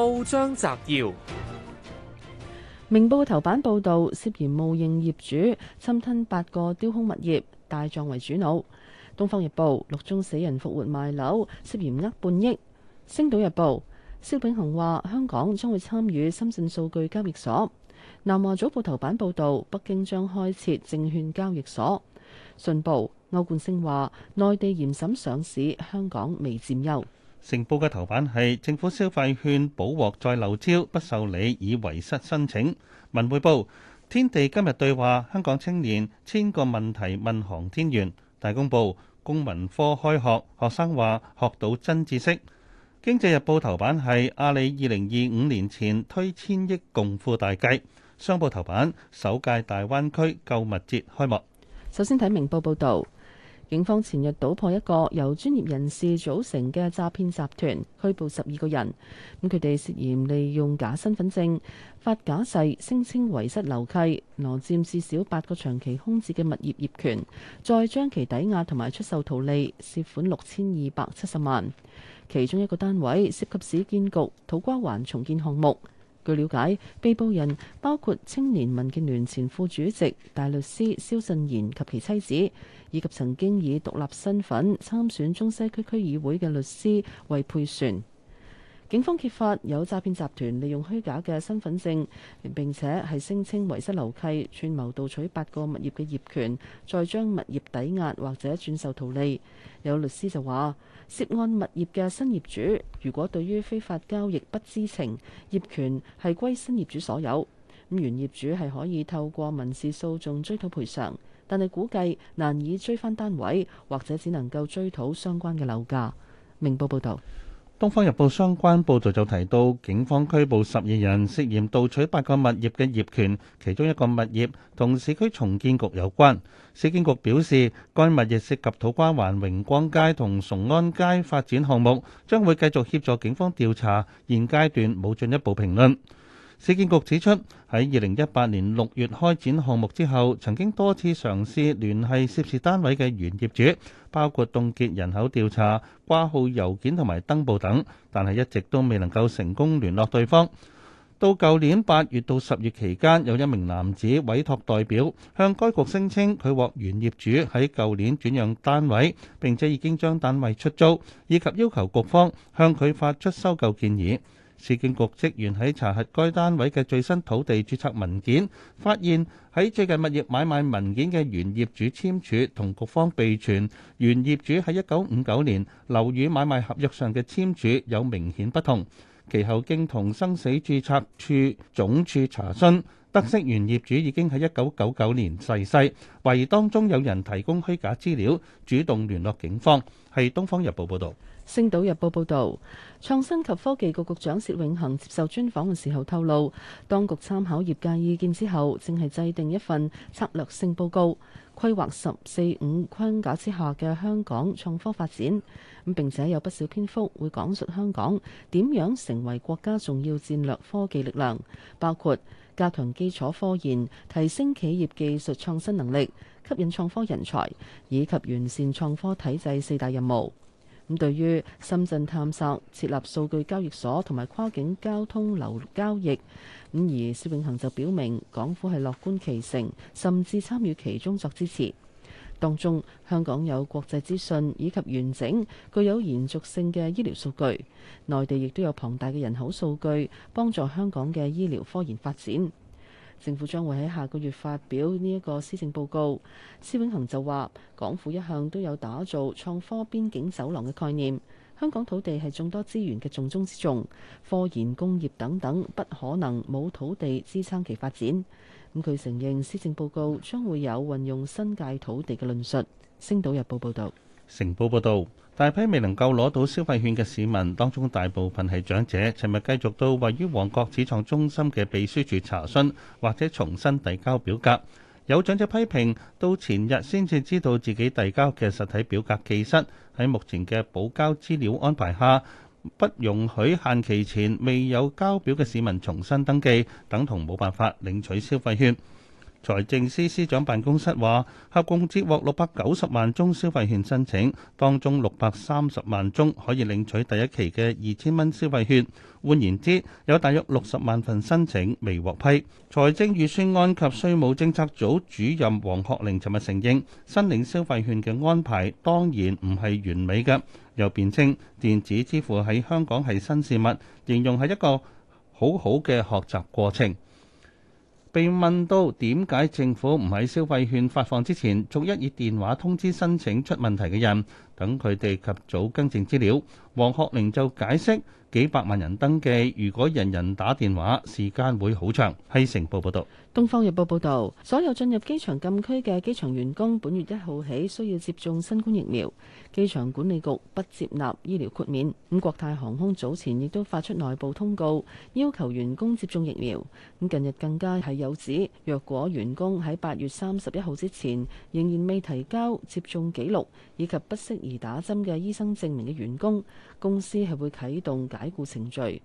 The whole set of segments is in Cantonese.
報章摘要：明報頭版報道涉嫌冒認業主侵吞八個雕空物業，大狀為主腦。東方日報六宗死人復活賣樓，涉嫌呃半億。星島日報蕭炳雄話香港將會參與深圳數據交易所。南華早報頭版報道北京將開設證券交易所。信報歐冠星話內地嚴審上市，香港未佔優。成報嘅頭版係政府消費券補鑊，再漏招不受理以遺失申請。文匯報天地今日對話香港青年，千個問題問航天員。大公報公民科開學，學生話學到真知識。經濟日報頭版係阿里二零二五年前推千億共富大計。商報頭版，首屆大灣區購物節開幕。首先睇明報報導。警方前日搗破一個由專業人士組成嘅詐騙集團，拘捕十二個人。咁佢哋涉嫌利用假身份證、發假誓，聲稱遺失樓契，挪佔至少八個長期空置嘅物業業權，再將其抵押同埋出售圖利，涉款六千二百七十萬。其中一個單位涉及市建局土瓜灣重建項目。據了解，被捕人包括青年民建聯前副主席、大律師蕭振賢及其妻子，以及曾經以獨立身份參選中西區區議會嘅律師魏佩璇。警方揭發有詐騙集團利用虛假嘅身份證，並且係聲稱遺失樓契，串謀盜取八個物業嘅業權，再將物業抵押或者轉售圖利。有律師就話，涉案物業嘅新業主如果對於非法交易不知情，業權係歸新業主所有。原業主係可以透過民事訴訟追討賠償，但係估計難以追翻單位，或者只能夠追討相關嘅樓價。明報報導。《東方日報》相關報導就提到，警方拘捕十二人涉嫌盜取八個物業嘅業權，其中一個物業同市區重建局有關。市建局表示，該物業涉及土瓜灣榮光街同崇安街發展項目，將會繼續協助警方調查，現階段冇進一步評論。市建局指出，喺二零一八年六月開展項目之後，曾經多次嘗試聯繫涉事單位嘅原業主，包括凍結人口調查、掛號郵件同埋登報等，但係一直都未能夠成功聯絡對方。到舊年八月到十月期間，有一名男子委託代表向該局聲稱，佢獲原業主喺舊年轉讓單位，並且已經將單位出租，以及要求局方向佢發出收購建議。市建局職員喺查核該單位嘅最新土地註冊文件，發現喺最近物業買賣文件嘅原業主簽署同局方備存原業主喺一九五九年樓宇買賣合約上嘅簽署有明顯不同。其後經同生死註冊處總處查詢。得悉原業主已經喺一九九九年逝世,世，懷疑當中有人提供虛假資料，主動聯絡警方。係東方日報報道。星島日報報道創新及科技局局長薛永恒接受專訪嘅時候透露，當局參考業界意見之後，正係制定一份策略性報告，規劃十四五框架之下嘅香港創科發展。咁並且有不少篇幅會講述香港點樣成為國家重要戰略科技力量，包括。加強基礎科研，提升企業技術創新能力，吸引創科人才以及完善創科體制四大任務。咁對於深圳探索設立數據交易所同埋跨境交通流交易，咁而薛永恒就表明，港府係樂觀其成，甚至參與其中作支持。當中，香港有國際資訊以及完整、具有延續性嘅醫療數據；內地亦都有龐大嘅人口數據，幫助香港嘅醫療科研發展。政府將會喺下個月發表呢一個施政報告。施永恒就話，港府一向都有打造創科邊境走廊嘅概念。香港土地係眾多資源嘅重中之重，科研、工業等等，不可能冇土地支撐其發展。咁佢承認施政報告將會有運用新界土地嘅論述。星島日報報道，成報報道，大批未能夠攞到消費券嘅市民，當中大部分係長者，尋日繼續到位於旺角始創中心嘅秘書處查詢，或者重新遞交表格。有長者批評，到前日先至知道自己遞交嘅實體表格寄失，喺目前嘅補交資料安排下，不容許限期前未有交表嘅市民重新登記，等同冇辦法領取消費券。財政司司長辦公室話：合共接獲六百九十萬宗消費券申請，當中六百三十萬宗可以領取第一期嘅二千蚊消費券。換言之，有大約六十萬份申請未獲批。財政預算案及稅務政策組主任黃學玲尋日承認，申領消費券嘅安排當然唔係完美㗎，又辯稱電子支付喺香港係新事物，形容係一個好好嘅學習過程。被問到點解政府唔喺消費券發放之前逐一以電話通知申請出問題嘅人？等佢哋及早更正資料。黃學明就解釋，幾百萬人登記，如果人人打電話時間會好長，喺城報報道。東方日報報道，所有進入機場禁區嘅機場員工，本月一號起需要接種新冠疫苗。機場管理局不接納醫療豁免。咁國泰航空早前亦都發出內部通告，要求員工接種疫苗。咁近日更加係有指，若果員工喺八月三十一號之前仍然未提交接種記錄以及不適宜。而打針嘅醫生證明嘅員工，公司係會啟動解雇程序。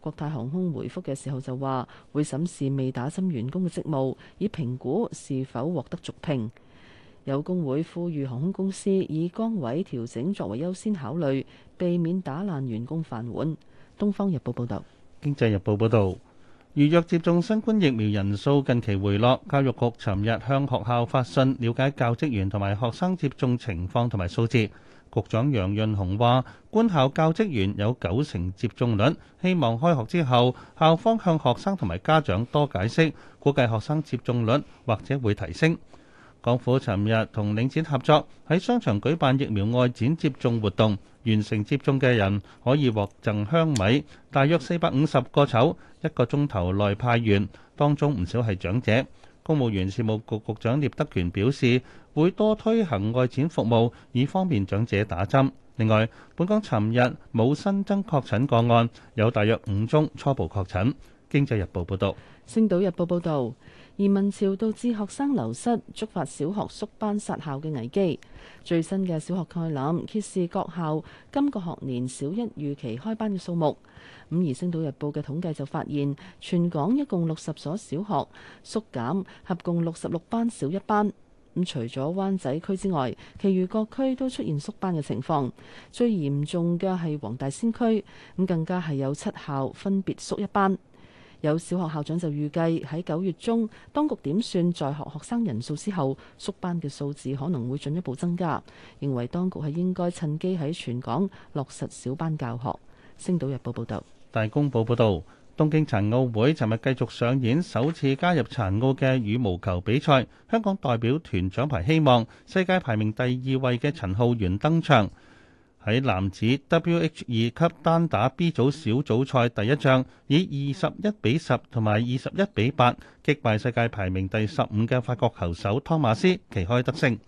國泰航空回覆嘅時候就話，會審視未打針員工嘅職務，以評估是否獲得續聘。有工會呼籲航空公司以崗位調整作為優先考慮，避免打爛員工飯碗。《東方日報》報道。《經濟日報》報道。預約接種新冠疫苗人數近期回落，教育局尋日向學校發信，了解教職員同埋學生接種情況同埋數字。局長楊潤雄話，官校教職員有九成接種率，希望開學之後，校方向學生同埋家長多解釋，估計學生接種率或者會提升。港府尋日同領展合作，喺商場舉辦疫苗外展接種活動。完成接種嘅人可以獲贈香米，大約四百五十個籌，一個鐘頭內派完，當中唔少係長者。公務員事務局局，局長聶德權表示，會多推行外展服務，以方便長者打針。另外，本港尋日冇新增確診個案，有大約五宗初步確診。經濟日報報道，星島日報報道。移民潮導致學生流失，觸發小學縮班殺校嘅危機。最新嘅小學概覽揭示各校今個學年小一預期開班嘅數目。咁而《星島日報》嘅統計就發現，全港一共六十所小學縮減，合共六十六班小一班。咁除咗灣仔區之外，其餘各區都出現縮班嘅情況。最嚴重嘅係黃大仙區，咁更加係有七校分別縮一班。有小學校長就預計喺九月中，當局點算在學學生人數之後，縮班嘅數字可能會進一步增加，認為當局係應該趁機喺全港落實小班教學。星島日報報道，大公報報道，東京殘奧會尋日繼續上演首次加入殘奧嘅羽毛球比賽，香港代表團獎牌希望世界排名第二位嘅陳浩源登場。喺男子 WH 二級單打 B 組小組賽第一仗，以二十一比十同埋二十一比八擊敗世界排名第十五嘅法國球手湯馬斯，旗開得勝。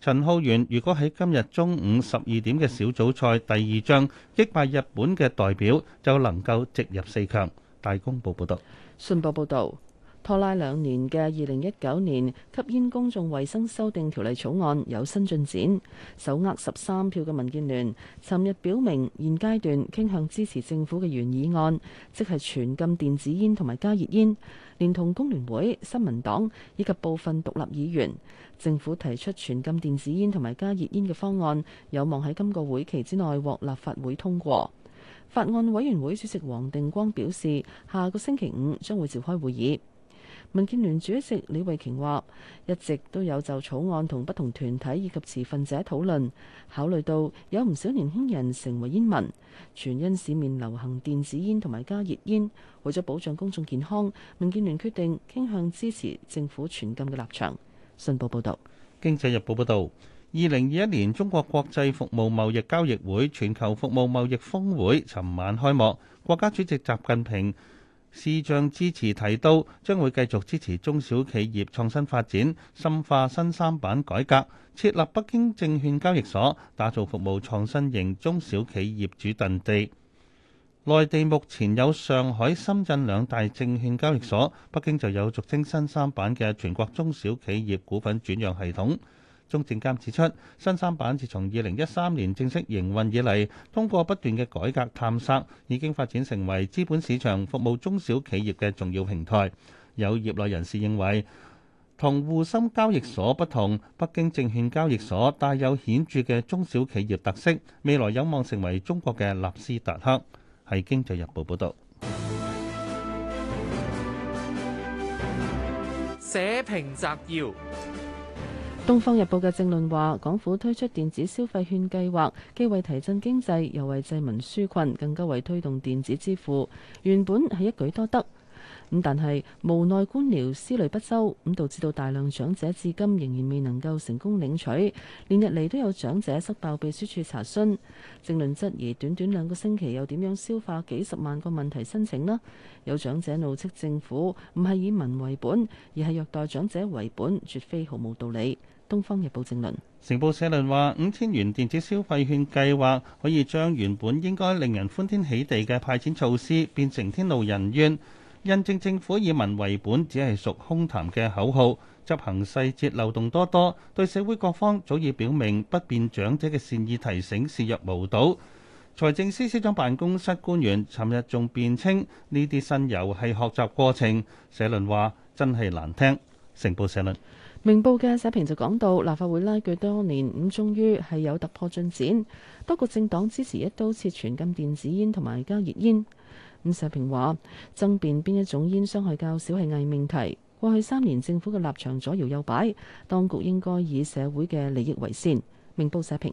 陳浩源如果喺今日中午十二點嘅小組賽第二仗擊敗日本嘅代表，就能夠直入四強。大公報報導，信報報導。拖拉兩年嘅二零一九年吸煙公眾衞生修訂條例草案有新進展，手握十三票嘅民建聯，尋日表明現階段傾向支持政府嘅原議案，即係全禁電子煙同埋加熱煙，連同工聯會、新民黨以及部分獨立議員。政府提出全禁電子煙同埋加熱煙嘅方案，有望喺今個會期之內獲立法會通過。法案委員會主席黃定光表示，下個星期五將會召開會議。民建聯主席李慧瓊話：一直都有就草案同不同團體以及持份者討論，考慮到有唔少年輕人成為煙民，全因市面流行電子煙同埋加熱煙，為咗保障公眾健康，民建聯決定傾向支持政府全禁嘅立場。信報報道，《經濟日報》報道，二零二一年中國國際服務貿易交易會全球服務貿易峰會尋晚開幕，國家主席習近平。視像支持提到，將會繼續支持中小企業創新發展，深化新三板改革，設立北京證券交易所，打造服務創新型中小企業主陣地。內地目前有上海、深圳兩大證券交易所，北京就有俗稱新三板嘅全國中小企業股份轉讓系統。中證監指出，新三板自從二零一三年正式營運以嚟，通過不斷嘅改革探索，已經發展成為資本市場服務中小企業嘅重要平台。有業內人士認為，同滬深交易所不同，北京證券交易所帶有顯著嘅中小企業特色，未來有望成為中國嘅納斯達克。係《經濟日報》報道。社評摘要。《東方日報》嘅政論話，港府推出電子消費券計劃，既為提振經濟，又為濟民紓困，更加為推動電子支付，原本係一舉多得。咁但係無奈官僚思慮不周，咁導致到大量長者至今仍然未能夠成功領取。連日嚟都有長者塞爆秘書處查詢。政論質疑短短兩個星期又點樣消化幾十萬個問題申請呢？有長者怒斥政府唔係以民為本，而係虐待長者為本，絕非毫無道理。《東方日報》正論：成報社論話，五千元電子消費券計劃可以將原本應該令人歡天喜地嘅派錢措施變成天怒人怨，印證政府以民為本只係屬空談嘅口號，執行細節漏洞多多，對社會各方早已表明不便長者嘅善意提醒視若無睹。財政司司長辦公室官員尋日仲辯稱呢啲新油係學習過程，社論話真係難聽。成報社論。明報嘅社評就講到，立法會拉鋸多年，咁終於係有突破進展，多個政黨支持一刀切全禁電子煙同埋加熱煙。咁社評話，爭辯邊一種煙傷害較少係偽命題。過去三年政府嘅立場左搖右擺，當局應該以社會嘅利益為先。明報社評。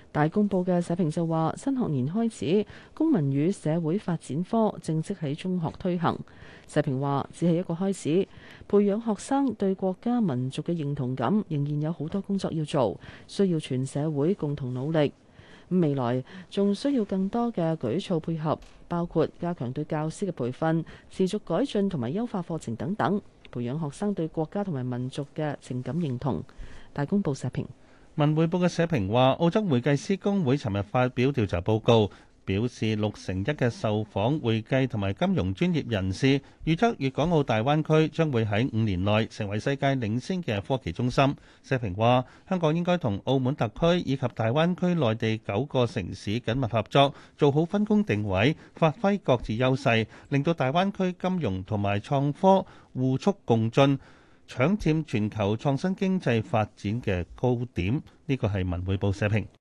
大公報嘅社評就話：新學年開始，公民與社會發展科正式喺中學推行。社評話：只係一個開始，培養學生對國家民族嘅認同感，仍然有好多工作要做，需要全社會共同努力。未來仲需要更多嘅舉措配合，包括加強對教師嘅培訓，持續改進同埋優化課程等等，培養學生對國家同埋民族嘅情感認同。大公報社評。文匯報嘅社評話，澳洲會計師公會尋日發表調查報告，表示六成一嘅受訪會計同埋金融專業人士預測，粵港澳大灣區將會喺五年內成為世界領先嘅科技中心。社評話，香港應該同澳門特區以及大灣區內地九個城市緊密合作，做好分工定位，發揮各自優勢，令到大灣區金融同埋創科互促共進。搶佔全球創新經濟發展嘅高點，呢個係《文匯報》社評。